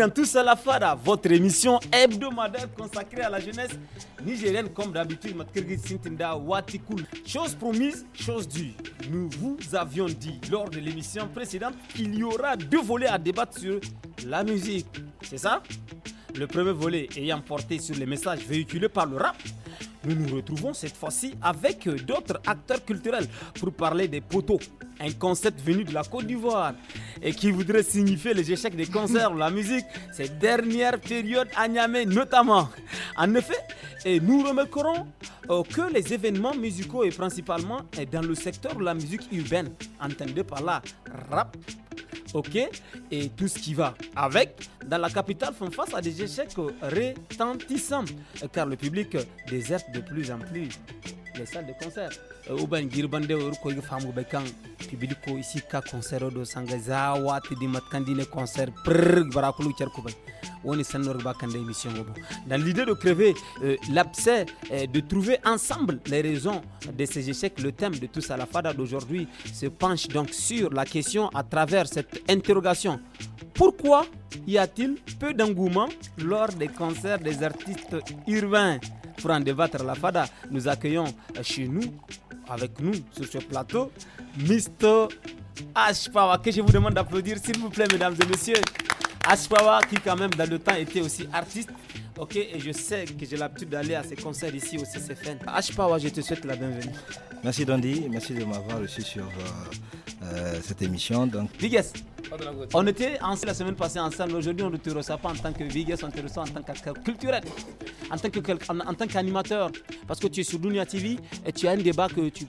dans tout la Fada, votre émission hebdomadaire consacrée à la jeunesse nigérienne comme d'habitude. Chose promise, chose due. Nous vous avions dit lors de l'émission précédente qu'il y aura deux volets à débattre sur la musique. C'est ça le premier volet ayant porté sur les messages véhiculés par le rap, nous nous retrouvons cette fois-ci avec euh, d'autres acteurs culturels pour parler des poteaux, un concept venu de la Côte d'Ivoire et qui voudrait signifier les échecs des concerts ou la musique ces dernières périodes à Niamey notamment. En effet, et nous remarquerons euh, que les événements musicaux et principalement euh, dans le secteur de la musique urbaine, entendue par la rap, ok, et tout ce qui va avec, dans la capitale font face à des échecs retentissants, car le public déserte de plus en plus de concert euh, dans l'idée de crever euh, l'abcès euh, de trouver ensemble les raisons de ces échecs le thème de tout ça, la fada d'aujourd'hui se penche donc sur la question à travers cette interrogation pourquoi y a-t-il peu d'engouement lors des concerts des artistes urbains pour en débattre la FADA. Nous accueillons euh, chez nous, avec nous, sur ce plateau, Mr. H. que je vous demande d'applaudir, s'il vous plaît, mesdames et messieurs. Ashpawa qui quand même dans le temps était aussi artiste. Ok, et je sais que j'ai l'habitude d'aller à ces concerts ici au CCFN. Ashpawa, je te souhaite la bienvenue. Merci Dandy, merci de m'avoir reçu sur euh, euh, cette émission. Donc. Vigues, on était ensemble la semaine passée ensemble. Aujourd'hui, on ne te reçoit pas en tant que Vigues, on te reçoit en tant qu'acteur culturel, en tant qu'animateur. parce que tu es sur Dunia TV et tu as un débat que tu,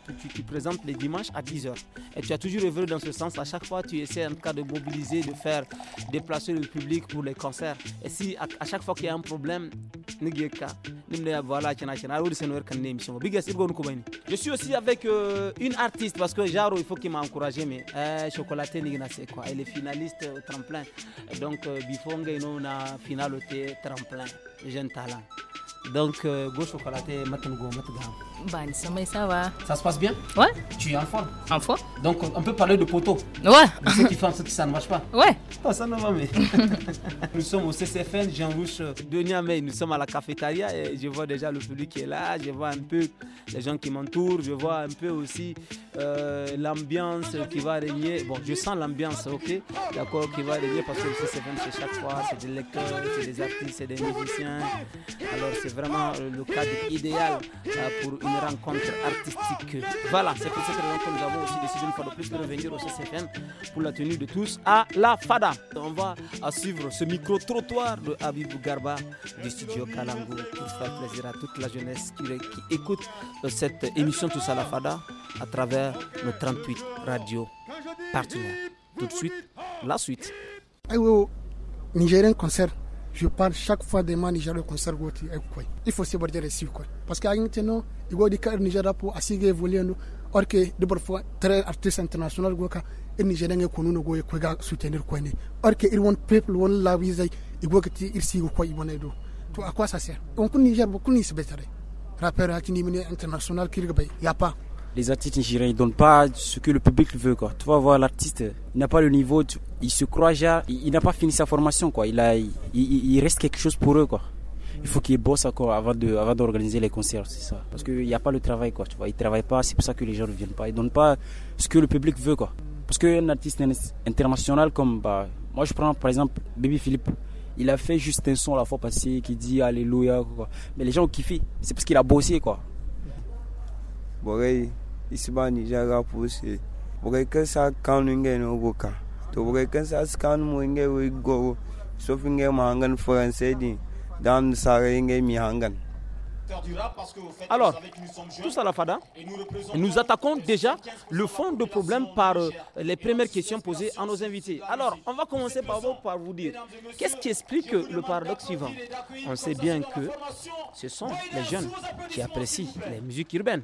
présentes les dimanches à 10h. Et tu as toujours œuvré dans ce sens. À chaque fois, tu essaies en tout cas de mobiliser, de faire déplacer le public pour les concerts. Et si à, chaque fois qu'il y a un problème, je suis aussi avec euh, une artiste parce que Jaro, il faut qu'il m'a encouragé, mais euh, Chocolaté c'est quoi Elle est finaliste au tremplin. Donc, il Bifong, a finalité tremplin jeune talent. Donc, euh, go chocolaté, matin go, Ben, ça va. Ça se passe bien Ouais. Tu es en forme En forme. Donc, on peut parler de poteau. Ouais. De ceux qui font, ceux qui ça ne marche pas. Ouais. Ah, ça ne va mais. nous sommes au CCFN, Jean Rouge euh, de Nous sommes à la cafétéria et je vois déjà le public qui est là. Je vois un peu les gens qui m'entourent. Je vois un peu aussi euh, l'ambiance qui va régner. Bon, je sens l'ambiance, ok D'accord, qui va régner parce que le c'est c'est chaque fois, c'est des lecteurs, c'est des artistes, c'est des musiciens. Alors, c'est vraiment le cadre idéal euh, pour une rencontre artistique. Voilà, c'est pour cette raison que nous avons aussi décidé une fois de plus de revenir au CCFM pour la tenue de tous à la FADA. On va à euh, suivre ce micro-trottoir de Habib Garba du studio Kalangou pour faire plaisir à toute la jeunesse qui écoute cette émission Tous à la FADA à travers nos 38 radios partenaires. Tout de suite, la suite. Oh, oh. Nigérien concert. Je parle chaque fois des man Nigeria concert oh, Il faut se border ici quoi. Parce que aginte no igo di kar Nigeria pour asige nous. or que de parfois très artiste international goka et Nigeria ngi konu no kwega soutenir quoi Or que il won people ont la visa igo kiti il si quoi ibone do. To à quoi ça sert? On kun Niger beaucoup ni se Rappeur international qui international qu'il y a pas les artistes nigériens, ils donnent pas ce que le public veut, quoi. Tu vas voir l'artiste, n'a pas le niveau, il se croit déjà, il, n'a pas fini sa formation, quoi. Il a, il, reste quelque chose pour eux, quoi. Il faut qu'ils bossent encore avant de, avant d'organiser les concerts, c'est ça. Parce qu'il n'y a pas le travail, quoi. Tu vois, ils travaillent pas, c'est pour ça que les gens ne viennent pas. Ils donnent pas ce que le public veut, quoi. Parce qu'un artiste international comme, bah, moi je prends par exemple Baby Philippe. Il a fait juste un son la fois passée qui dit Alléluia, quoi. Mais les gens ont kiffé. C'est parce qu'il a bossé, quoi. Bon, alors, tous à la FADA, nous attaquons déjà le fond de problème par euh, les premières questions posées à nos invités. Alors, on va commencer par vous, par vous dire, qu'est-ce qui explique le paradoxe suivant On sait bien que ce sont les jeunes qui apprécient les musiques urbaines.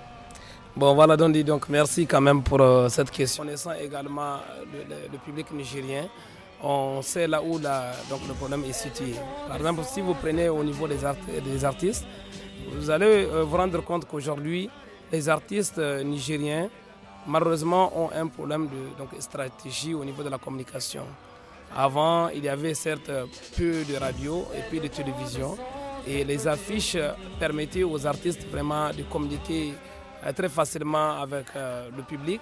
Bon, voilà, donc, donc merci quand même pour euh, cette question. Connaissant également euh, le, public nigérien, on sait là où le problème est situé. Par exemple, si vous prenez au niveau des, artistes, vous allez euh, vous rendre compte qu'aujourd'hui, les artistes nigériens, malheureusement, ont un problème de stratégie au niveau de la communication. Avant, il y avait certes peu de radio et peu de télévision, et les affiches permettaient aux artistes vraiment de communiquer euh, très facilement avec euh, le public.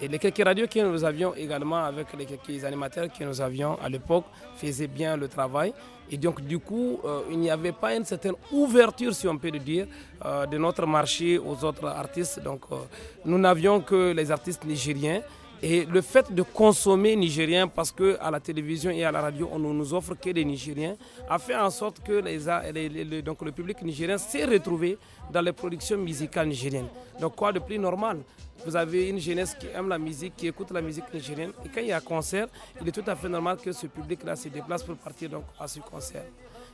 Et les quelques radios que nous avions également, avec les quelques animateurs que nous avions à l'époque, faisaient bien le travail. Et donc, du coup, euh, il n'y avait pas une certaine ouverture, si on peut le dire, de notre marché aux autres artistes. Donc, nous n'avions que les artistes nigériens. Et le fait de consommer nigérien, parce que à la télévision et à la radio, on ne nous offre que des Nigériens, a fait en sorte que les, donc le public nigérien s'est retrouvé dans les productions musicales nigériennes. Donc quoi de plus normal Vous avez une jeunesse qui aime la musique, qui écoute la musique nigérienne, et quand il y a concert, il est tout à fait normal que ce public-là se déplace pour partir donc, à ce concert.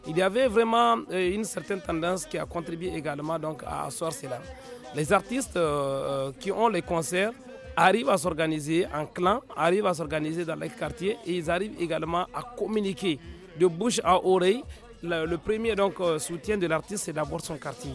Il y avait vraiment euh, une certaine tendance qui a contribué également donc, à asseoir cela. Les artistes euh, euh, qui ont les concerts, arrivent à s'organiser en clan, arrivent à s'organiser dans les quartiers et ils arrivent également à communiquer de bouche à oreille. Le, premier donc, euh, soutien de l'artiste, c'est d'abord son quartier.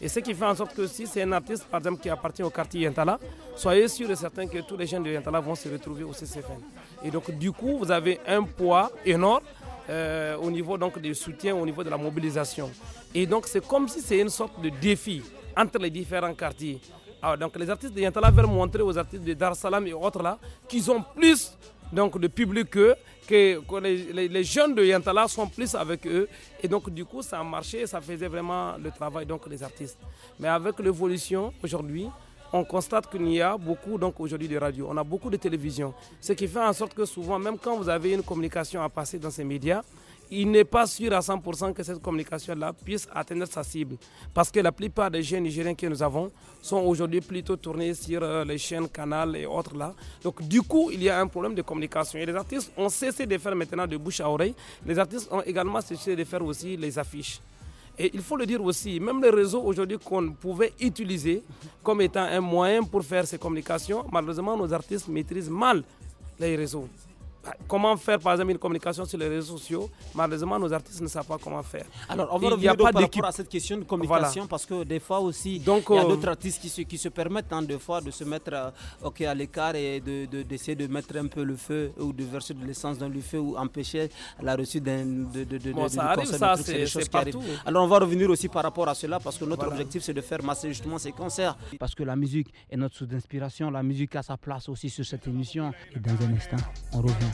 Et ce qui fait en sorte que si c'est un artiste, par exemple, qui appartient au quartier Yentala, soyez sûr et certain que tous les jeunes de Yentala vont se retrouver au CCFN. Et donc, du coup, vous avez un poids énorme euh, au niveau donc, du soutien, au niveau de la mobilisation. Et donc, c'est comme si c'est une sorte de défi entre les différents quartiers. Ah, les artistes de Yantala veulent montrer aux artistes de Dar Salam et autres là qu'ils ont plus de public qu'eux, que, les, jeunes de Yantala sont plus avec eux. Et donc du coup ça a marché, ça faisait vraiment le travail donc, des artistes. Mais avec l'évolution aujourd'hui, on constate qu'il y a beaucoup donc aujourd'hui de radio, on a beaucoup de télévision. Ce qui fait en sorte que souvent, même quand vous avez une communication à passer dans ces médias, il n'est pas sûr à 100% que cette communication-là puisse atteindre sa cible. Parce que la plupart des jeunes Nigériens que nous avons sont aujourd'hui plutôt tournés sur euh, les chaînes Canal et autres là. Donc du coup, il y a un problème de communication. Et les artistes ont cessé de faire maintenant de bouche à oreille. Les artistes ont également cessé de faire aussi les affiches. Et il faut le dire aussi, même les réseaux aujourd'hui qu'on pouvait utiliser comme étant un moyen pour faire ces communications, malheureusement, nos artistes maîtrisent mal les réseaux comment faire par exemple une communication sur les réseaux sociaux. Malheureusement, nos artistes ne savent pas comment faire. Alors, on va revenir par rapport à cette question de communication parce que des fois aussi, il y a euh, d'autres artistes qui se, qui se permettent hein, des fois de se mettre à, euh, à l'écart et d'essayer de, d'essayer de, mettre un peu le feu ou de verser de l'essence dans le feu ou empêcher la reçue d'un de, de, de, bon, Alors, on va revenir aussi par rapport à cela parce que notre objectif, c'est de faire masser justement ces concerts. Parce que la musique est notre source d'inspiration, la musique a sa place aussi sur cette émission. Et dans un instant, on revient.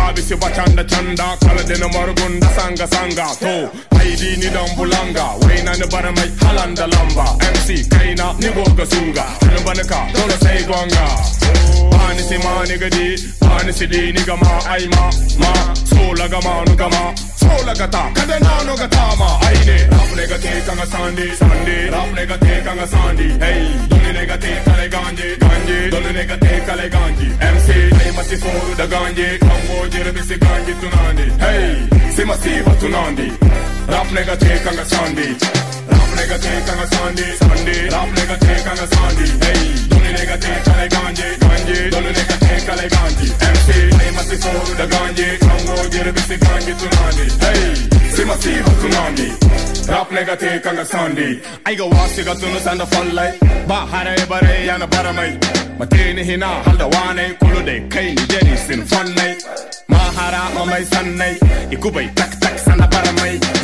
Abisi bachanda chanda Kaladina marugunda sanga sanga To Haidi ni dambulanga Waina ni mai halanda lamba MC kaina ni goga sunga Hanubanaka dola say guanga. Oh Wanna see my nigga did Wanna see the nigga ma I ma ma So laga ma nuga ma So laga ta Kada na nuga ta ma I ne Rap nigga te kanga sandi sandi Rap nigga te kanga sandi Hey Dole nigga te kale ganji ganji Dole nigga te kale ganji MC Play masi for the ganji Kambo jere bisi ganji tunandi Hey Sima siva tunandi Rap nigga te kanga sandi nigga think I'm a Sunday, Sunday. Rap nigga take I'm a Sunday, hey. Dhoni nigga take I like ganje, ganje. Dhoni nigga take I like ganje. MC, play my six four the ganje. Congo get bisi busy ganje tsunami, hey. See my see my tsunami. Rap nigga take I'm a Sunday. I go watch the guns and the fun light. Ba hara ebare yana baramai. Matene hina haldawane kulude kai ni jeni sin fun night. Mahara mamai sun night. Ikubai tak tak sana baramai.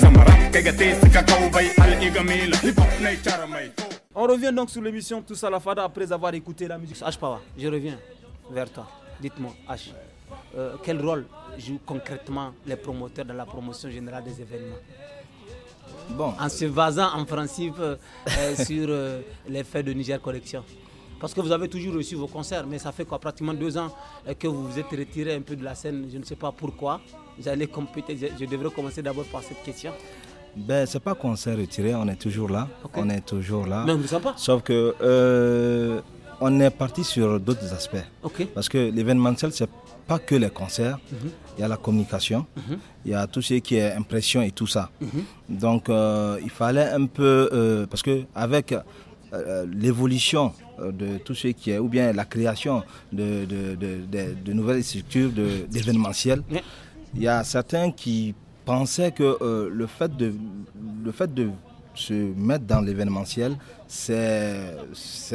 On revient donc sur l'émission Tous à la Fada après avoir écouté la musique. H je reviens vers toi. Dites-moi, H, euh, quel rôle jouent concrètement les promoteurs dans la promotion générale des événements bon. En se basant en principe euh, euh, sur les faits de Niger Collection. Parce que vous avez toujours reçu vos concerts, mais ça fait quoi pratiquement deux ans que vous vous êtes retiré un peu de la scène, je ne sais pas pourquoi. J'allais compléter, je devrais commencer d'abord par cette question. Ben, ce n'est pas qu'on s'est retiré, on est toujours là. On est toujours là. Sauf que euh, on est parti sur d'autres aspects. Parce que l'événementiel, ce n'est pas que les concerts. Mhm. Il y a la communication, mhm. il y a tout ce qui est impression et tout ça. Mhm. Donc, euh, il fallait un peu. Euh, parce que avec l'évolution de tout ce qui est, ou bien la création de, de nouvelles structures d'événementiel, il y a certains qui pensais que euh, le, fait de, le fait de se mettre dans l'événementiel, c'est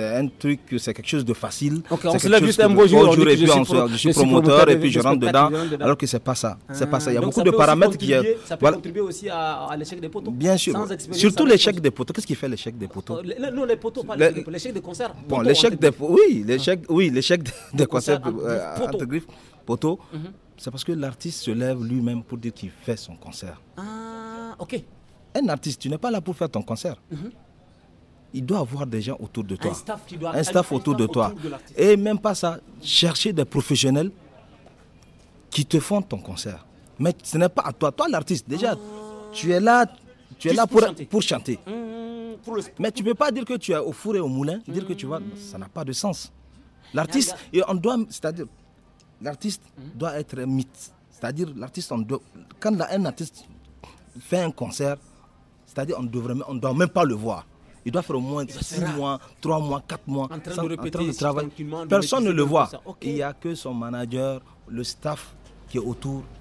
un truc, c'est quelque chose de facile. C'est on se lève juste un beau jour, je, suis, promoteur, et puis je rentre dedans, alors que c'est pas pas ça. Il y a beaucoup de paramètres qui. Ça peut aussi à, l'échec des poteaux. Bien sûr. Surtout l'échec des poteaux. Qu'est-ce qui fait l'échec des poteaux euh, Non, les pas l'échec des concerts. Bon, l'échec des. Oui, l'échec, oui, l'échec des concerts. Euh, poteaux c'est parce que l'artiste se lève lui-même pour dire qu'il fait son concert. Ah, ok. Un artiste, tu n'es pas là pour faire ton concert. Mhm. Il doit avoir des gens autour de toi. Un staff, autour de toi. Et même pas ça, chercher des professionnels qui te font ton concert. Mais ce n'est pas à toi. Toi, l'artiste, déjà, ah. tu es là, tu es là pour, pour chanter. Mm, Mais tu ne peux pas dire que tu es au four et au moulin, dire que tu vas. Mm. Ça n'a pas de sens. L'artiste, on doit. C'est-à-dire, l'artiste mmh. doit être un mythe. C'est-à-dire, l'artiste, quand un artiste fait un concert, c'est-à-dire on ne doit même pas le voir. Il doit faire au moins 6 mois, 3 mois, 4 mois, en train de répéter, Personne ne le voit. Il n'y a que son manager, le staff qui est autour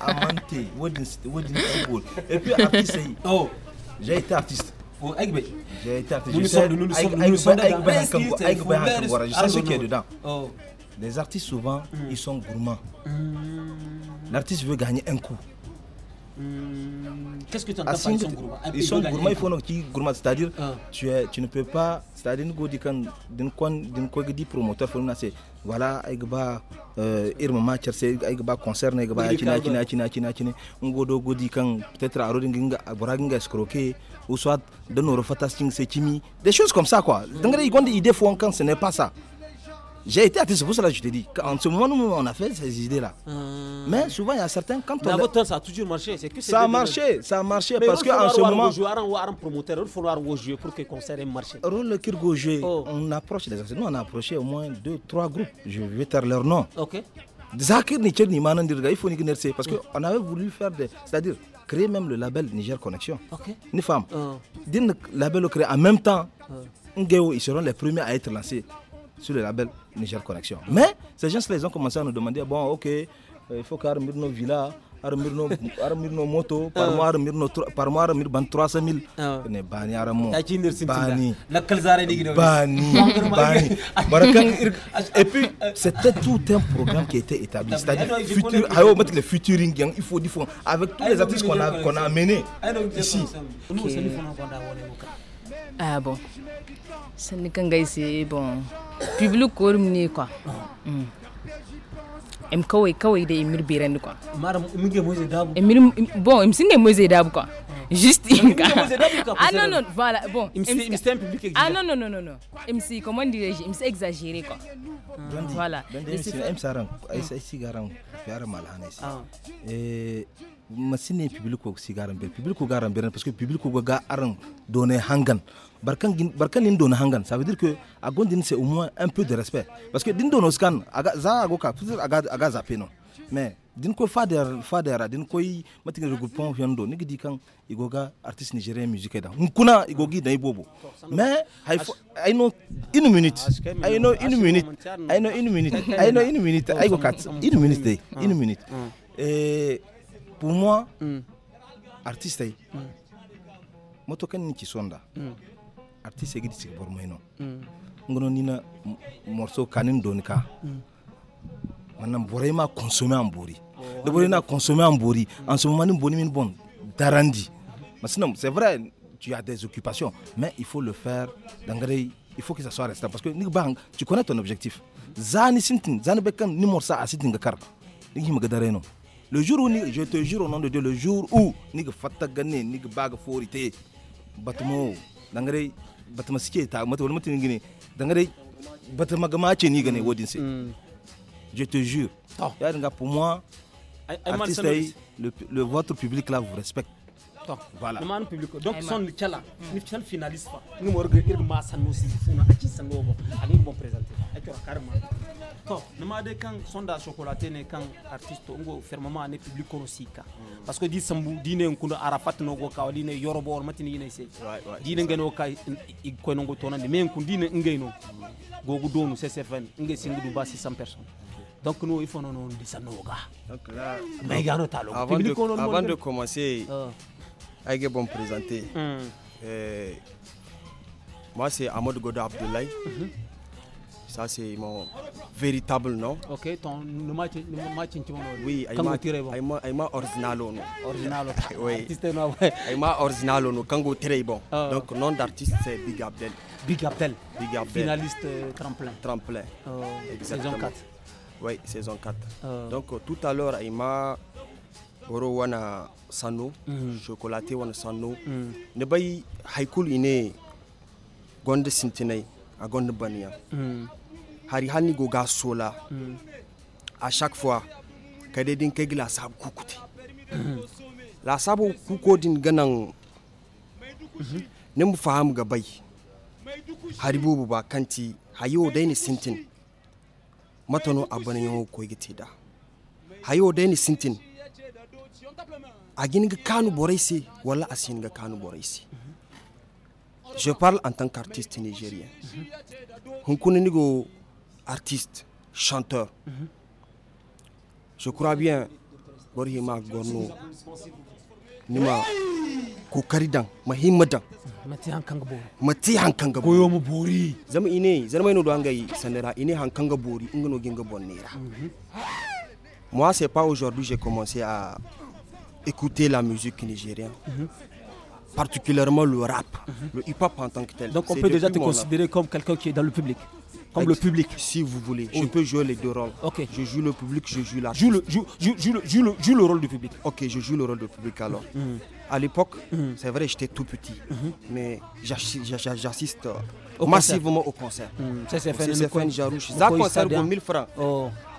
Amanté, Et puis artiste, oh, j'ai été artiste. J'ai été artiste. Je sais ce qu'il y a dedans. Les artistes, souvent, ils sont gourmands. L'artiste veut gagner un coup. Qu'est-ce que tu entends ah, par Isson Gourma Isson Gourma, il faut qui gourmand, c'est-à-dire ah. tu, es, tu ne peux pas, c'est-à-dire nous dit quand d'un coin d'un coin dit promoteur faut nous voilà avec ba euh, irma matcher c'est avec ba concert avec ba china china china china china on godo godi quand peut-être à rodin ginga boraginga escroquer ou soit de nos refatasting c'est chimi des choses comme ça quoi donc il y a des idées font quand ce n'est pas ça j'ai été à c'est pour cela que je te dis. En ce moment, nous, on a fait ces idées-là. Hmm. Mais souvent, il y a certains. Quand Mais on à votre temps, ça a toujours marché. ça, a marché ça a marché, parce qu'en ce moment. promoteur, il faut jouer pour que le concert ait marché. Rôle Kirgojé, oh. on approche des Nous, on a approché au moins deux, trois groupes. Je vais taire leur nom. Ok. Zakir Nichel Nimanandirga, il faut Nigerse. Parce qu'on hmm. avait voulu faire des. C'est-à-dire, créer même le label Niger Connection. Ok. Une femme. que hmm. le label créer en même temps, ils seront les premiers à être lancés sur le label Niger Connection. Mais ces gens-là, ils ont commencé à nous demander bon, ok, euh, il faut qu'armir nos villas, armir nos, nos motos, par ah. mois nos, par 300 000. Ne bani aramo. Bani. Bani. Bani. Et puis, c'était tout un programme qui était établi. C'est-à-dire, futur, ah, mettre le futuring, il faut, du fond. avec tous ah, les artistes qu'on a, qu'on ah, a amenés ici. Ah bon. Ça n'est qu'un gars, c'est bon. Public corps, quoi. im kawai kawai da imir beren bon ah non non voilà bon c'est un public ah non non non non non comment dire je exagéré quoi voilà c'est masine public ko sigaran ber public ko garan ber parce que public ko ga aran donné hangan barkan barkan in donné hangan ça veut dire que a gondin c'est au moins un peu de respect parce que din dono scan aga za go ka peut aga aga zappé non mais din ko fader fader din koy matin regroupement yondo ni gidi kan igoga artiste nigérien musique da kuna igogi dai bobo mais hay i know in minute i know in minute i know in minute i know in minute i go cut in minute in minute eh pour moi mm. artiste ay eh. mm. moto kan ni ci sonda mm. artiste gidi ci bor moy non hmm. ngono ni na morceau kanin doni ka hmm. manam boray consommer en bori oh, de boray na consommer en bori hmm. en ce moment ni boni min bon darandi sinon c'est vrai tu as des occupations mais il faut le faire d'engrais il faut que ça soit restant parce que ni bang tu connais ton objectif zani sintin zani bekan ni morsa asitin gakar ni himga dareno le jour où, je te jure au nom de Dieu, le jour où, ni que fatta gagné, ni que bague forité, batmo, dangere, batma sike ta, mato wala matu ngine, dangare, batma gama che ni gane wodin se. Hmm. Je te jure. Oh. nga pour moi, artiste le, le, votre public là vous respecte. to voilà man public donc son chala hmm. ni chala finaliste ni morgue irma sanusi funa achi sangogo ani bon présenter akora karma to nema de kan sonda chocolaté n'est kan artiste ngo fermement ne public kono sika mm. parce que di sambu dine kundo arafat no go kawli ne yorobo on matini ne se dine ngeno kay ko no go tonande men kun dine ngeno mm. gogu donu ccfn ngai singu du basi 100 personnes donc nous, il faut non di sanoga ça Donc là, mais gars, talo talons. Avant, de, avant de commencer, ah. Aïe bon présenté. Mm. Euh, moi, c'est Ahmad Godo Abdoulaye. Mm-hmm. Ça, c'est mon véritable nom. Ok, ton match, match Oui, Aima Aima Aima Originalo. Originalo. oui. Aima Originalo Kango très bon. Ah. Donc nom d'artiste c'est Big Abdel. Big Abdel. Big Abdel. Finaliste euh, tremplin. Tremplin. Euh, saison 4. Oui, saison 4. Euh. Donc euh, tout à l'heure Aima Boro wana sano, mhm. chocolaté wana sano. Mhm. Ne bayi haikul ine gonde sintinai a gonde baniya. Mhm hari hanni go ga sola mm. chaque fois kade din kegi la sabu kukuti la sabu kuko din ganan mhm. ne mu faham ga bai hari bubu ba kanti hayo dai ni sintin matano abana yawo ko gite da hayo dai ni sintin agin ga kanu boraisi wala asin ga kanu boraisi mhm. je parle en tant qu'artiste nigérien mhm. hunkunni go artiste, chanteur. Je crois bien, Borima Gorno, Nima Kukaridan, Mahimadan. Mati Hankangabori. Mati Hankangabori. Koyo Mubori. Zama ine, zama ino doanga yi, sanera, ine Hankangabori, gingo bonera. Moi, c'est pas aujourd'hui j'ai commencé à écouter la musique nigérienne. particulièrement le rap, le hip-hop en tant que tel. Donc on peut déjà te considérer comme quelqu'un qui est dans le public comme le public. Si vous voulez, je peux jouer les deux rôles. Je joue le public, je joue la. Joue le, joue, joue, joue, joue, joue le rôle du public. Ok, je joue le rôle du public alors. Mm. À l'époque, mm. c'est vrai, j'étais tout petit, mm -hmm. mais j'assiste massivement au concert. Ça, c'est fait. C'est Jarouche. Ça, concert pour 1000 francs. Oh.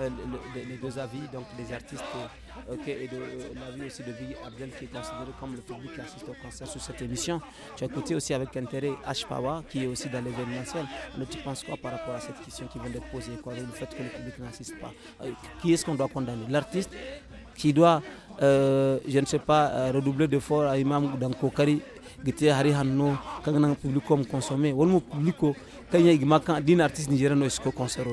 Euh, les deux avis donc les artistes euh, et de euh, l'avis aussi de Big Abdel qui est considéré comme le public qui assiste au concert sur cette émission. Tu as écouté aussi avec intérêt H qui est aussi dans l'événementiel. Mais tu penses quoi par rapport à cette question qui vient d'être posée, quoi, le fait que le public n'assiste pas Qui est-ce qu'on doit condamner L'artiste qui doit, je ne sais pas, redoubler d'efforts à Imam dans Kokari, Gité Hari Hanou quand on un public comme consommé, ou le public quand artiste concert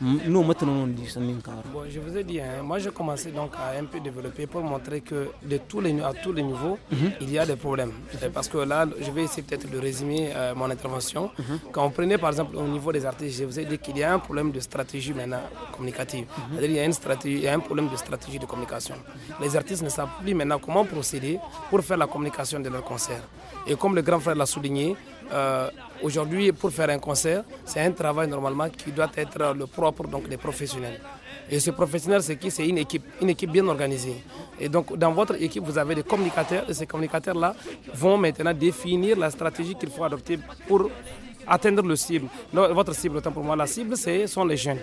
mhm. nous maintenant on je vous ai dit hein, moi j'ai commencé donc à un peu développer pour montrer que de tous les à tous les niveaux mhm. il y a des problèmes euh, parce que là je vais essayer peut-être de résumer euh, mon intervention mhm. quand on prenait par exemple au niveau des artistes je vous ai dit qu'il y a un problème de stratégie maintenant communicative il y a une stratégie il y a un problème de stratégie de communication les artistes ne savent plus maintenant comment procéder pour faire la communication de leur concert et comme le grand frère l'a souligné euh, aujourd'hui, pour faire un concert, c'est un travail normalement qui doit être le propre donc, des professionnels. Et ce professionnel, c'est qui C'est une équipe, une équipe bien organisée. Et donc, dans votre équipe, vous avez des communicateurs, et ces communicateurs-là vont maintenant définir la stratégie qu'il faut adopter pour atteindre le cible. Votre cible, autant pour moi, la cible, ce sont les jeunes.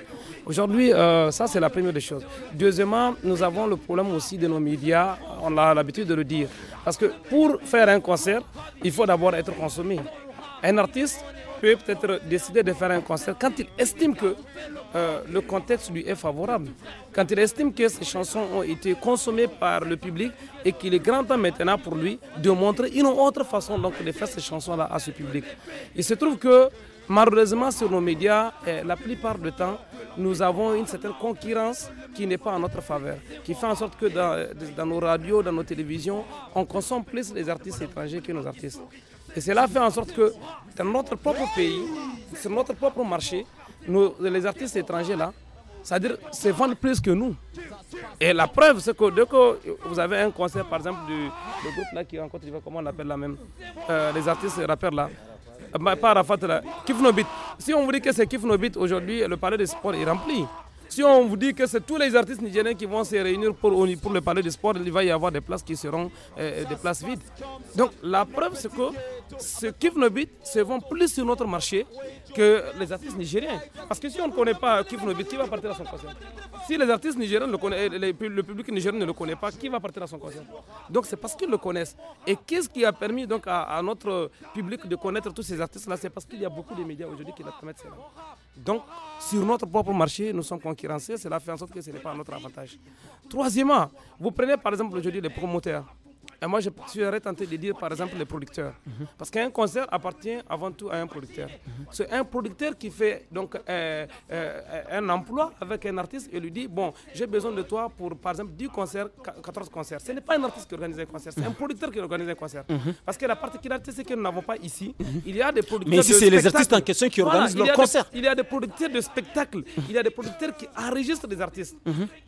Aujourd'hui, euh, ça, c'est la première des choses. Deuxièmement, nous avons le problème aussi de nos médias, on a l'habitude de le dire. Parce que pour faire un concert, il faut d'abord être consommé. Un artiste peut peut-être décider de faire un concert quand il estime que euh, le contexte lui est favorable, quand il estime que ses chansons ont été consommées par le public et qu'il est grand temps maintenant pour lui de montrer une autre façon donc, de faire ces chansons-là à ce public. Il se trouve que malheureusement sur nos médias, euh, la plupart du temps, nous avons une certaine concurrence qui n'est pas en notre faveur, qui fait en sorte que dans, euh, dans nos radios, dans nos télévisions, on consomme plus les artistes étrangers que nos artistes. Et cela fait en sorte que dans notre propre pays, sur notre propre marché, les artistes étrangers là, c'est-à-dire se vendent plus que nous. Et la preuve, c'est que dès que vous avez un concert, par exemple, du, groupe là qui rencontre, sais comment on l'appelle là même, euh, les artistes rappeurs là, euh, bah, pas Rafat là, Kifnobit. Si on vous dit que c'est Kifnobit, aujourd'hui, le palais des sports est rempli. Si on vous dit que c'est tous les artistes nigériens qui vont se réunir pour, le palais de sport, il va y avoir des places qui seront euh, euh, des places vides. Donc la preuve, c'est que ce Kif Nobit se vend plus sur notre marché que les artistes nigériens. Parce que si on ne connaît pas Kif Nobit, qui va partir à son concert Si les artistes nigériens le connaissent, euh, le public nigérien ne le connaît pas, qui va partir à son concert Donc c'est parce qu'ils le connaissent. Et qu'est-ce qui a permis donc à, notre public de connaître tous ces artistes-là C'est parce qu'il y a beaucoup de médias aujourd'hui qui la permettent Donc sur notre propre marché, nous sommes conquis cela fait en sorte que ce n'est pas à notre avantage. Troisièmement, vous prenez par exemple aujourd'hui les promoteurs. Et moi, je serais tenté de dire, par exemple, les producteurs. Parce qu'un concert appartient avant tout à un producteur. C'est un producteur qui fait donc euh, euh, un emploi avec un artiste et lui dit, bon, j'ai besoin de toi pour, par exemple, 10 concerts, 14 concerts. Ce n'est pas un artiste qui organise un concert, c'est un producteur qui organise un concert. Parce que la particularité, c'est que nous n'avons pas ici. Il y a des producteurs. de Mais ici, c'est les artistes en question qui organisent voilà, leurs concerts. il y a des producteurs de spectacles. Il y a des producteurs qui enregistrent des artistes.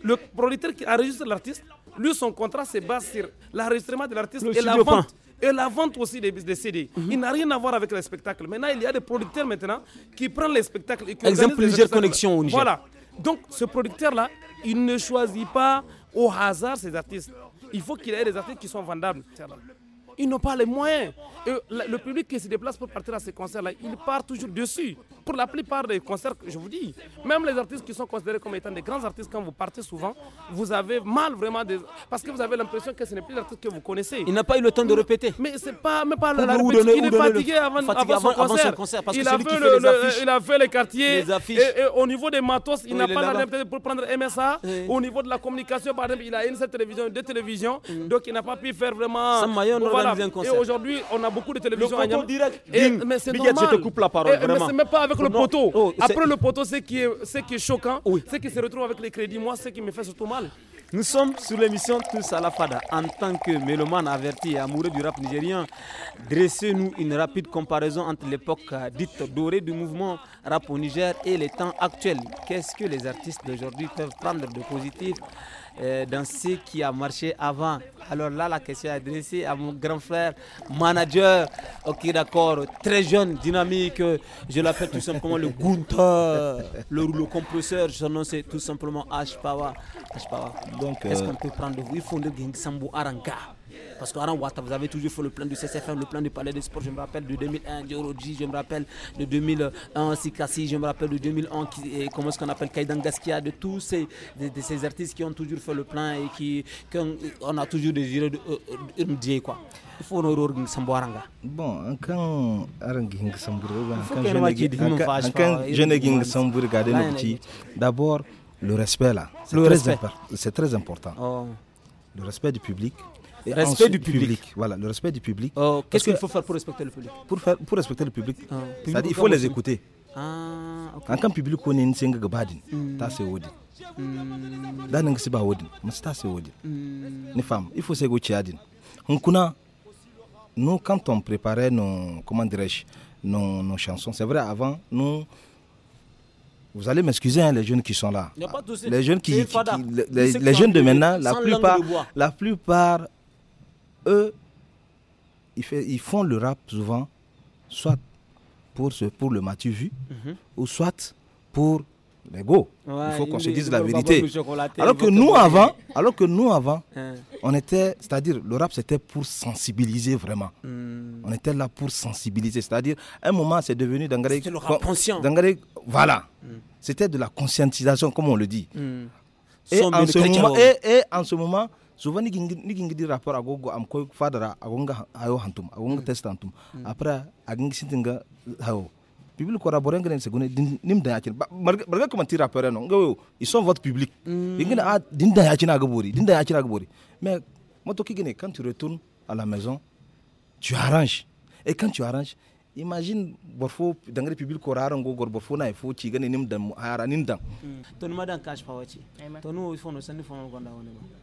Le producteur qui enregistre l'artiste, lui, son contrat c'est basé sur l'enregistrement de l'artiste et la vente. Et la vente aussi des, des CD. Il n'a rien à voir avec les spectacles. Maintenant, il y a des producteurs maintenant qui prennent les spectacles et qui Exemple, plusieurs connexions au Niger. Voilà. Donc, ce producteur-là, il ne choisit pas au hasard ses artistes. Il faut qu'il ait des artistes qui sont vendables ils n'ont pas les moyens. le public qui se déplace pour partir à ces concerts-là, il part toujours dessus. Pour la plupart des concerts, je vous dis, même les artistes qui sont considérés comme étant des grands artistes, quand vous partez souvent, vous avez mal vraiment parce que vous avez l'impression que ce n'est plus l'artiste que vous connaissez. Il n'a pas eu le temps de répéter. Mais c'est pas pas la il est fatigué, avant, son concert. il, a fait les quartiers. Et, au niveau des matos, il n'a pas la répétition pour prendre MSA. Au niveau de la communication, par exemple, il a une seule télévision, deux télévisions, mm. donc il n'a pas pu faire vraiment. Et aujourd'hui, on a beaucoup de télévisions à direct. mais c'est normal. la eh, même pas avec le poteau. Oh, Après le poteau, ce qui est, ce qui est choquant, oui. c'est qui se retrouve avec les crédits, moi, ce qui me fait surtout mal. Nous sommes sur l'émission Tous à la Fada. En tant que mélomane averti et amoureux du rap nigérien, dressez-nous une rapide comparaison entre l'époque euh, dite dorée du mouvement rap au Niger et les temps actuels. Qu'est-ce que les artistes d'aujourd'hui peuvent prendre de positif euh, dans ce qui a marché avant. Alors là, la question est ici à mon grand frère, manager, ok d'accord, très jeune, dynamique, euh, je l'appelle tout simplement le gunter, le rouleau compresseur, son tout simplement H-Power. H-Power. Donc, est-ce euh, qu'on peut prendre, il faut le Sambu Aranga. Parce qu'Aran Ouattara, vous avez toujours fait le plan du CCFM, le plan du Palais des Sports, je me rappelle de 2001, Diorodji, je me rappelle de 2001, Sikassi, je me rappelle de 2001, qui, comment est-ce qu'on appelle Kaidan Gaskia, de tous ces, de, ces artistes qui ont toujours fait le plan et qui, on a toujours désiré de, euh, euh, de, quoi. Il faut Bon, quand Aran Ging quand je ne Ging d'abord le respect là, c'est très, c'est très important. Oh. Le respect du public, et respect ensuite, du public. public. Voilà, le respect du public. Oh, Qu'est-ce qu'il faut faire pour respecter le public pour, faire, pour respecter le public, ah, public il faut les écouter. Ah, okay. An kan public on ne nsin badin ta hmm. sai wodi. Hmm. Da nan si ba wodi, mas ta sai wodi. Hmm. Ne fam, il faut se adin. chiadin. nous quand on préparait nos comment dirais-je nos, nos chansons, c'est vrai avant nous vous allez m'excuser, hein, les jeunes qui sont là. Il a pas de les jeunes qui, qui, qui les, les, jeunes de maintenant, la plupart, la plupart eux, ils, fait, ils, font le rap souvent, soit pour, ce, pour le matu vu, mhm. ou soit pour l'ego. il faut qu'on se dise la vérité. Alors que nous avant, alors que nous avant, on était, c'est-à-dire le rap c'était pour sensibiliser vraiment. Hmm. On était là pour sensibiliser, c'est-à-dire à un moment c'est devenu d'engrais. C'était le rap conscient. voilà. Hmm. C'était de la conscientisation comme on le dit. Hmm. Et, moment, et en ce moment, souvent ni ni gingi di rapport ago go am koy fadara ago nga hayo hantum ago nga mm. test hantum mm. après ago nga sintinga hayo public ko mm. rabore ngene se gune nim da yakin barga kuma ti rapport no ngawo ils sont votre public ngene a ah, din da yakin ago bori din da yakin ago bori mais moto ki gene quand tu retournes à la maison tu arranges et quand tu arranges imagine borfo dangare pibil ko raran go gor borfo na fo ci gane nim da hara nim da to no dan cash fa wace to no fo no sanni fo no gonda woni ba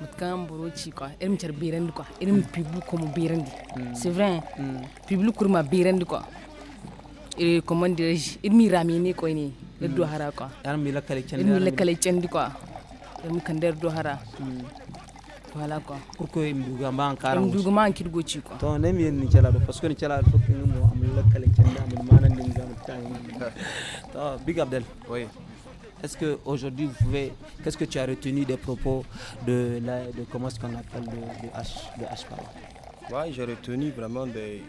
vrai. C'est quoi C'est vrai. C'est quoi C'est pibu C'est berendi c'est vrai pibu C'est berendi quoi et comment vrai. C'est vrai. m'y vrai. C'est ni le vrai. quoi il C'est la C'est chendi voilà quoi pourquoi il C'est vrai. C'est il C'est vrai. C'est vrai. ni vrai. do parce que ni C'est do C'est que am C'est vrai. C'est am C'est ni C'est big abdel oui est-ce que aujourd'hui vous pouvez, qu'est-ce que tu as retenu des propos de, la, de comment ce qu'on appelle le, H, H j'ai retenu vraiment des,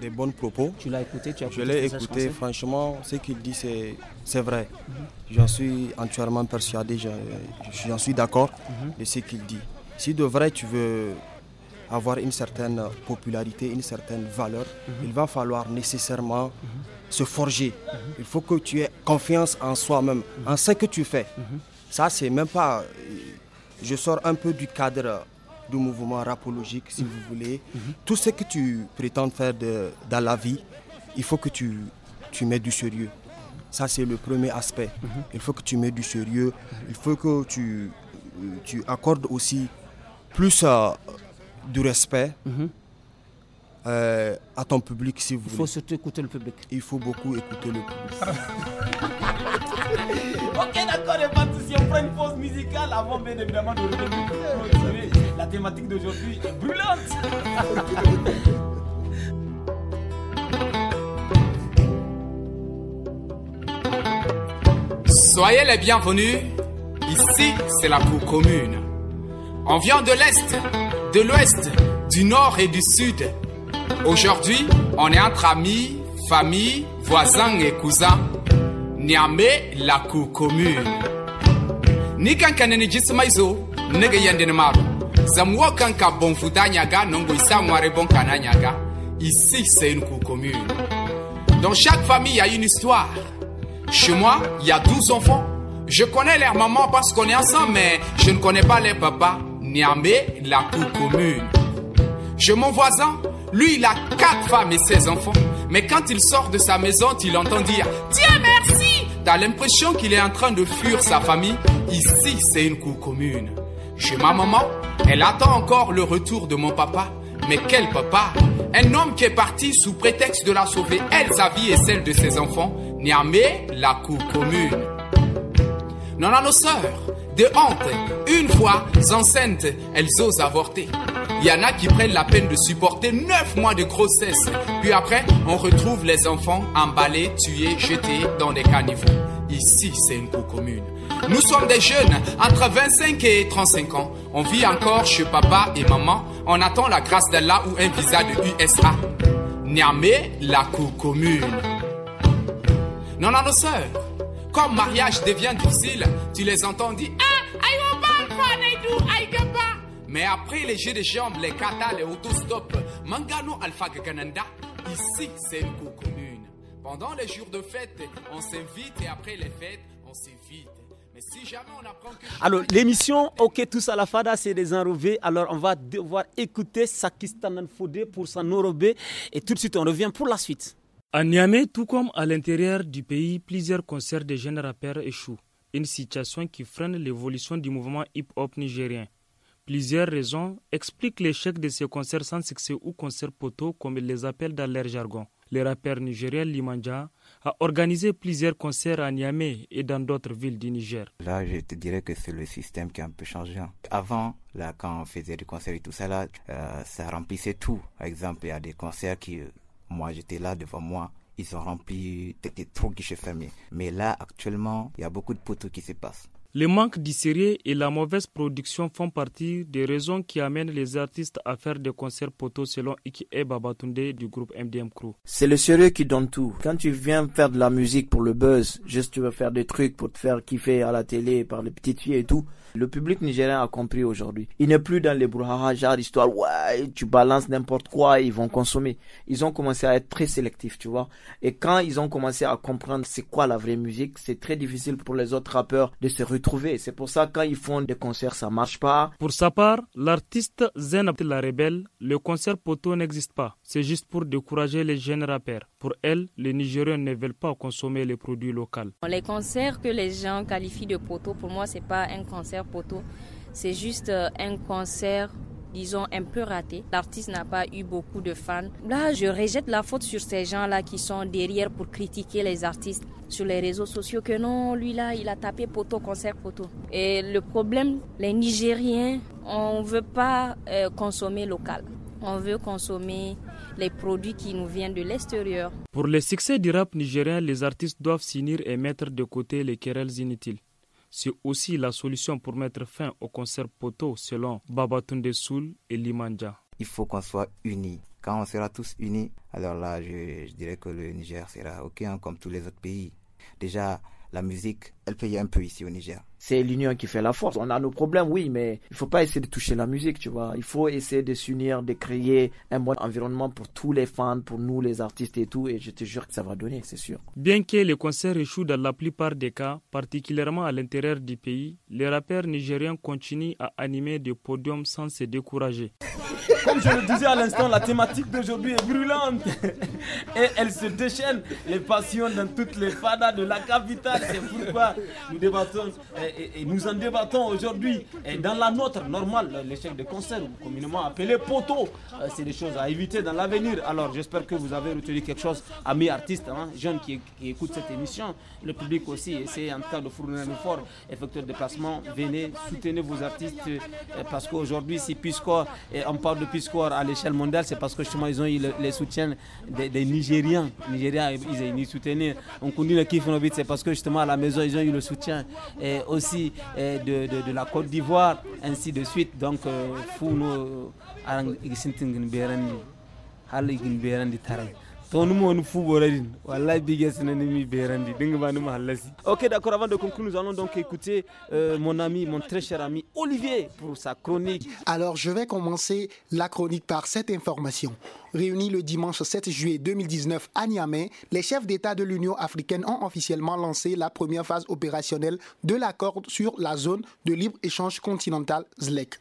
des bons propos. Tu l'as écouté, tu as Je l'ai écouté, franchement, ce qu'il dit, c'est vrai. Mhm. J'en suis entièrement persuadé, j'en suis d'accord mhm. de ce qu'il dit. Si de vrai tu veux avoir une certaine popularité, une certaine valeur, mhm. il va falloir nécessairement se forger. Il faut que tu aies confiance en soi-même, en ce que tu fais. Ça, c'est même pas. Euh, je sors un peu du cadre du mouvement rapologique, si vous voulez. Tout ce que tu prétends faire dans la vie, il faut que tu, tu mets du sérieux. Ça, c'est le premier aspect. Il faut que tu mets du sérieux. Il faut que tu, euh, tu accordes aussi plus euh, de du respect. Euh, à ton public si vous voulez. Il faut surtout écouter le public. Il faut beaucoup écouter le public. ok, d'accord, les on prend une pause musicale avant bien évidemment de revenir. la thématique d'aujourd'hui est brûlante. Soyez les bienvenus, ici c'est la Cour commune. On vient de l'Est, de l'Ouest, du Nord et du Sud. Aujourd'hui, on est entre amis, famille, voisins et cousins. Niamey, la cour commune. Ni bon Ici, c'est une cour commune. Dans chaque famille, il y a une histoire. Chez moi, il y a 12 enfants. Je connais leur maman parce qu'on est ensemble, mais je ne connais pas les papas. Niamey, la cour commune. Chez mon voisin, lui, il a quatre femmes et ses enfants. Mais quand il sort de sa maison, il entend dire Tiens, merci T'as l'impression qu'il est en train de fuir sa famille. Ici, c'est une cour commune. Chez ma maman, elle attend encore le retour de mon papa. Mais quel papa Un homme qui est parti sous prétexte de la sauver, elle, sa vie et celle de ses enfants. Niamé, la cour commune. Non, non, nos sœurs, de honte. Une fois enceintes, elles osent avorter. Il y en a qui prennent la peine de supporter 9 mois de grossesse. Puis après, on retrouve les enfants emballés, tués, jetés dans des caniveaux. Ici, c'est une cour commune. Nous sommes des jeunes, entre 25 et 35 ans. On vit encore chez papa et maman. On attend la grâce d'Allah ou un visa de USA. Niamey, la cour commune. Non, non, nos sœurs, comme mariage devient difficile, tu les entends dire ah, Mais après les jeux de jambes, les katas, les autostops, Mangano Alpha ici c'est une cour commune. Pendant les jours de fête, on s'invite et après les fêtes, on s'évite. Si jamais on apprend que... Alors, l'émission OK, tous à la fada, c'est des Alors, on va devoir écouter Sakistan Fodé pour s'enrober. Et tout de suite, on revient pour la suite. À Niamey, tout comme à l'intérieur du pays, plusieurs concerts de jeunes rappeurs échouent, une situation qui freine l'évolution du mouvement hip-hop nigérien. Plusieurs raisons expliquent l'échec de ces concerts sans succès ou concerts poteaux, comme ils les appellent dans leur jargon. Le rappeur nigérien Limanja a organisé plusieurs concerts à Niamey et dans d'autres villes du Niger. Là, je te dirais que c'est le système qui a un peu changé. Hein. Avant, là, quand on faisait des concerts et tout ça, là, euh, ça remplissait tout. Par exemple, il y a des concerts qui euh, moi, j'étais là devant moi. Ils ont rempli des trop guichet fermé. Mais là, actuellement, il y a beaucoup de poteaux qui se passent. Le manque série et la mauvaise production font partie des raisons qui amènent les artistes à faire des concerts poteaux selon Ike Babatunde du groupe MDM Crew. C'est le sérieux qui donne tout. Quand tu viens faire de la musique pour le buzz, juste tu veux faire des trucs pour te faire kiffer à la télé par les petites filles et tout, le public nigérien a compris aujourd'hui. Il n'est plus dans les brouhaha, genre histoire, ouais, tu balances n'importe quoi, ils vont consommer. Ils ont commencé à être très sélectifs, tu vois. Et quand ils ont commencé à comprendre c'est quoi la vraie musique, c'est très difficile pour les autres rappeurs de se retrouver. C'est pour ça quand ils font des concerts, ça marche pas. Pour sa part, l'artiste Zen la Rebelle, le concert poteau n'existe pas. C'est juste pour décourager les jeunes rappeurs. Pour elle, les Nigériens ne veulent pas consommer les produits locaux. Les concerts que les gens qualifient de poteau, pour moi, c'est pas un concert c'est juste euh, un concert disons, un peu raté. L'artiste n'a pas eu beaucoup de fans. Là, je rejette la faute sur ces gens-là qui sont derrière pour critiquer les artistes sur les réseaux sociaux que non, lui-là, il a tapé poteau, concert poteau. Et le problème, les Nigériens, on ne veut pas euh, consommer local. On veut consommer les produits qui nous viennent de l'extérieur. Pour le succès du rap nigérien, les artistes doivent s'unir et mettre de côté les querelles inutiles. C'est aussi la solution pour mettre fin au concert poteau selon Babatunde Soul et Limanja. Il faut qu'on soit unis. Quand on sera tous unis, alors là, je, dirais que le Niger sera OK, hein, comme tous les autres pays. Déjà, la musique, elle paye un peu ici au Niger c'est l'union qui fait la force. On a nos problèmes, oui, mais il faut pas essayer de toucher la musique, tu vois. Il faut essayer de s'unir, de créer un bon environnement pour tous les fans, pour nous les artistes et tout. Et je te jure que ça va donner, c'est sûr. Bien que les concerts échouent dans la plupart des cas, particulièrement à l'intérieur du pays, les rappeurs nigériens continuent à animer des podiums sans se décourager. Comme je le disais à l'instant, la thématique d'aujourd'hui est brûlante et elle se déchaîne. Les passions dans toutes les fadas de la capitale, c'est pourquoi nous débattons et, nous en débattons aujourd'hui. Et dans la nôtre, normale, l'échec de concert, communément appelé poteau, euh, c'est des choses à éviter dans l'avenir. Alors j'espère que vous avez retenu quelque chose, amis artistes, hein, jeunes qui, écoutent cette émission, le public aussi, essayez en tout cas de fournir un effort, effectuer de placement, venez, soutenir vos artistes, euh, parce qu'aujourd'hui, si Piscor, on parle de Piscor à l'échelle mondiale, c'est parce que justement ils ont eu le, soutien des, Nigérians. Nigériens. Nigériens, ils ont eu soutenu. On conduit le Kifonovit, c'est parce que justement à la maison, ils ont eu le soutien. Et aussi, eh, de, la Côte d'Ivoire, ainsi de suite. Donc, euh, Founo, Arang, Igisintin, Gimberan, Hal, Gimberan, Tarang ok d'accord avant de conclure nous allons donc écouter euh, mon ami mon très cher ami Olivier pour sa chronique alors je vais commencer la chronique par cette information réunis le dimanche 7 juillet 2019 à Niamey les chefs d'État de l'Union africaine ont officiellement lancé la première phase opérationnelle de l'accord sur la zone de libre échange continental ZLEC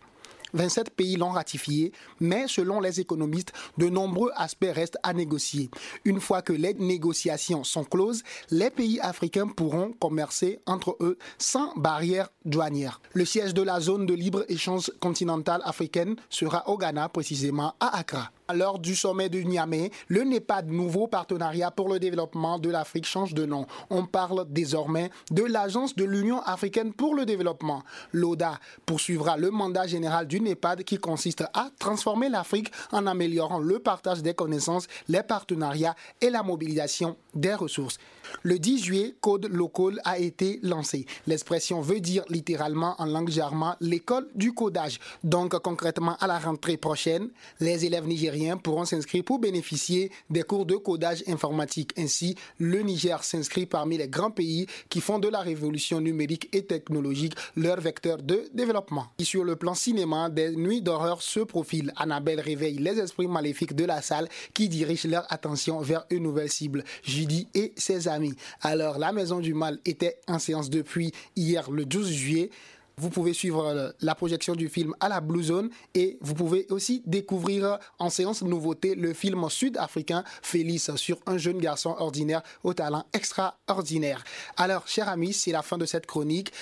27 pays l'ont ratifié, mais selon les économistes, de nombreux aspects restent à négocier. Une fois que les négociations sont closes, les pays africains pourront commercer entre eux sans barrière douanière. Le siège de la zone de libre-échange continentale africaine sera au Ghana, précisément à Accra lors du sommet de Niamey, le NEPAD, nouveau partenariat pour le développement de l'Afrique, change de nom. On parle désormais de l'Agence de l'Union africaine pour le développement. L'ODA poursuivra le mandat général du NEPAD qui consiste à transformer l'Afrique en améliorant le partage des connaissances, les partenariats et la mobilisation des ressources. Le 10 juillet, Code Local a été lancé. L'expression veut dire littéralement en langue germain l'école du codage. Donc concrètement, à la rentrée prochaine, les élèves nigériens pourront s'inscrire pour bénéficier des cours de codage informatique. Ainsi, le Niger s'inscrit parmi les grands pays qui font de la révolution numérique et technologique leur vecteur de développement. Et sur le plan cinéma, des nuits d'horreur se profilent. Annabelle réveille les esprits maléfiques de la salle qui dirigent leur attention vers une nouvelle cible, Judy et amis. Alors, la Maison du Mal était en séance depuis hier, le 12 juillet. Vous pouvez suivre euh, la projection du film à la Blue Zone et vous pouvez aussi découvrir euh, en séance nouveauté le film sud-africain Félix sur un jeune garçon ordinaire au talent extraordinaire. Alors, chers amis, c'est la fin de cette chronique.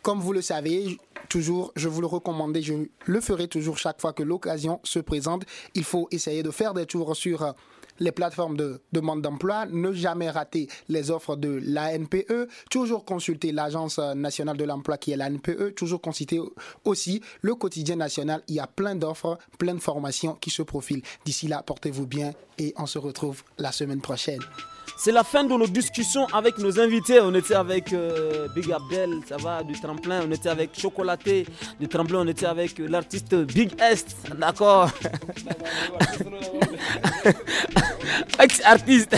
Comme vous le savez, toujours, je vous le recommande, je le ferai toujours chaque fois que l'occasion se présente. Il faut essayer de faire des tours sur euh, les plateformes de demande d'emploi, ne jamais rater les offres de l'ANPE, toujours consulter l'Agence nationale de l'emploi qui est l'ANPE, toujours consulter aussi le quotidien national. Il y a plein d'offres, plein de formations qui se profilent. D'ici là, portez-vous bien et on se retrouve la semaine prochaine. C'est la fin de nos discussions avec nos invités. On était avec euh, Big Abdel, ça va, du tremplin. On était avec Chocolaté, du tremplin. On était avec l'artiste Big Est, d'accord Ex-artiste.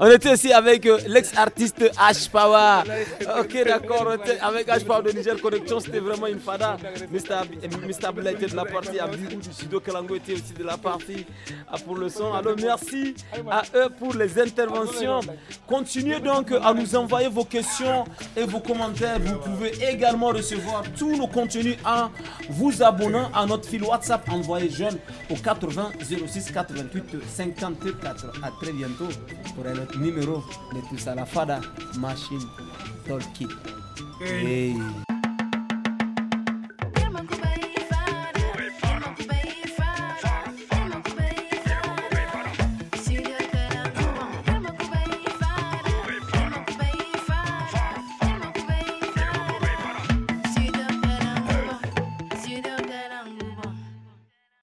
On était aussi avec euh, l'ex-artiste H-Power. Ok, d'accord. avec H-Power de Niger Connection. C'était vraiment une fada. Mr. était de la partie. Abdou du Sudo Kalango était aussi de la partie ah, pour le son. Alors merci à eux pour les interventions. Continuez donc à nous envoyer vos questions et vos commentaires. Vous pouvez également recevoir tous nos contenus en vous abonnant à notre fil WhatsApp envoyé jeune au 80 06 88 54. À très bientôt pour un autre numéro de tout la Fada Machine Talkie.